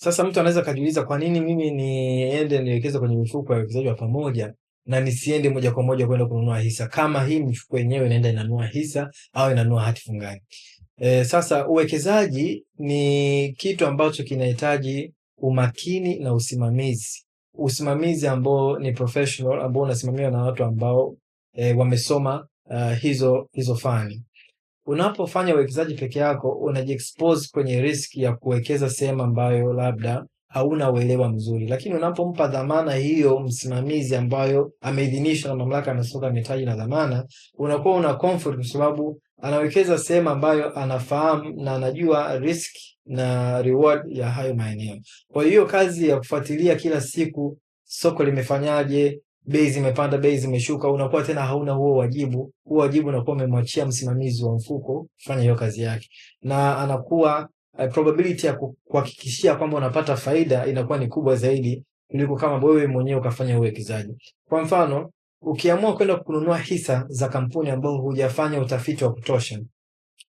Sasa mtu anaweza kajiuliza kwa nini mimi niende niwekeze kwenye mifuko ya uwekezaji wa pamoja na nisiende moja kwa moja kwenda kununua hisa kama hii mifuko yenyewe inaenda inanunua hisa au inanunua hati fungani. E, sasa uwekezaji ni kitu ambacho kinahitaji umakini na usimamizi, usimamizi ambao ni professional, ambao unasimamiwa na watu ambao e, wamesoma uh, hizo hizo fani. Unapofanya uwekezaji peke yako, unajiexpose kwenye riski ya kuwekeza sehemu ambayo labda hauna uelewa mzuri, lakini unapompa dhamana hiyo msimamizi ambayo ameidhinishwa na mamlaka ya masoko ya mitaji na dhamana, unakuwa una comfort kwa sababu anawekeza sehemu ambayo anafahamu na anajua risk na reward ya hayo maeneo. Kwa hiyo kazi ya kufuatilia kila siku soko limefanyaje, bei zimepanda, bei zimeshuka, unakuwa tena hauna huo wajibu. Huo wajibu unakuwa umemwachia msimamizi wa mfuko kufanya hiyo kazi yake, na anakuwa uh, probability ya kuhakikishia kwamba unapata faida inakuwa ni kubwa zaidi kuliko kama wewe mwenyewe ukafanya uwekezaji. Kwa mfano, ukiamua kwenda kununua hisa za kampuni ambayo hujafanya utafiti wa kutosha,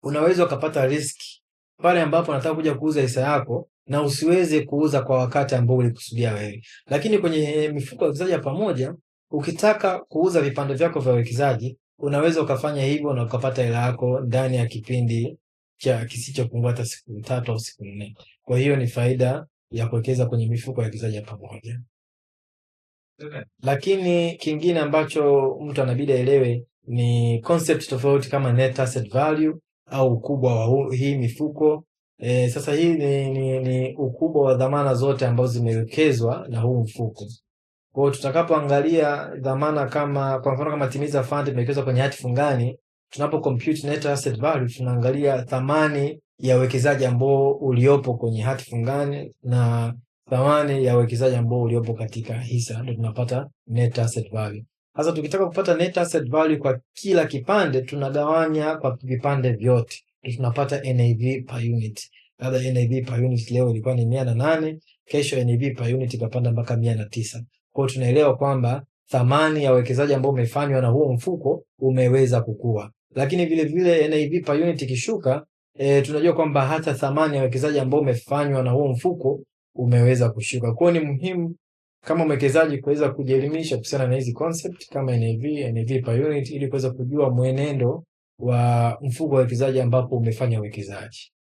unaweza ukapata riski pale ambapo unataka kuja kuuza hisa yako na usiweze kuuza kwa wakati ambao ulikusudia wewe. Lakini kwenye eh, mifuko ya uwekezaji ya pamoja Ukitaka kuuza vipande vyako vya uwekezaji, unaweza ukafanya hivyo na ukapata hela yako ndani ya kipindi cha kisichopungua hata siku tatu au siku nne. Kwa hiyo ni faida ya kuwekeza kwenye mifuko ya uwekezaji ya pamoja. Okay. Lakini kingine ambacho mtu anabidi aelewe ni concept tofauti kama net asset value au ukubwa wa hii mifuko. E, sasa hii ni, ni, ni ukubwa wa dhamana zote ambazo zimewekezwa na huu mfuko. Kwa tutakapoangalia dhamana kama kwa mfano kama timiza fund imewekezwa kwenye hati fungani, tunapo compute net asset value tunaangalia thamani ya uwekezaji ambao uliopo kwenye hati fungani na thamani ya uwekezaji ambao uliopo katika hisa, ndio tunapata net asset value. Sasa tukitaka kupata net asset value kwa kila kipande, tunagawanya kwa vipande vyote, tunapata NAV per unit. Labda NAV per unit leo ilikuwa ni 108 kesho NAV per unit ikapanda mpaka mia kwao tunaelewa kwamba thamani ya uwekezaji ambao umefanywa na huo mfuko umeweza kukua, lakini vile vile NAV per unit ikishuka, e, tunajua kwamba hata thamani ya uwekezaji ambao umefanywa na huo mfuko umeweza kushuka. kwao ni muhimu kama mwekezaji kuweza kujielimisha kuhusiana na hizi concept kama NAV, NAV per unit ili kuweza kujua mwenendo wa mfuko wa uwekezaji ambapo umefanya uwekezaji.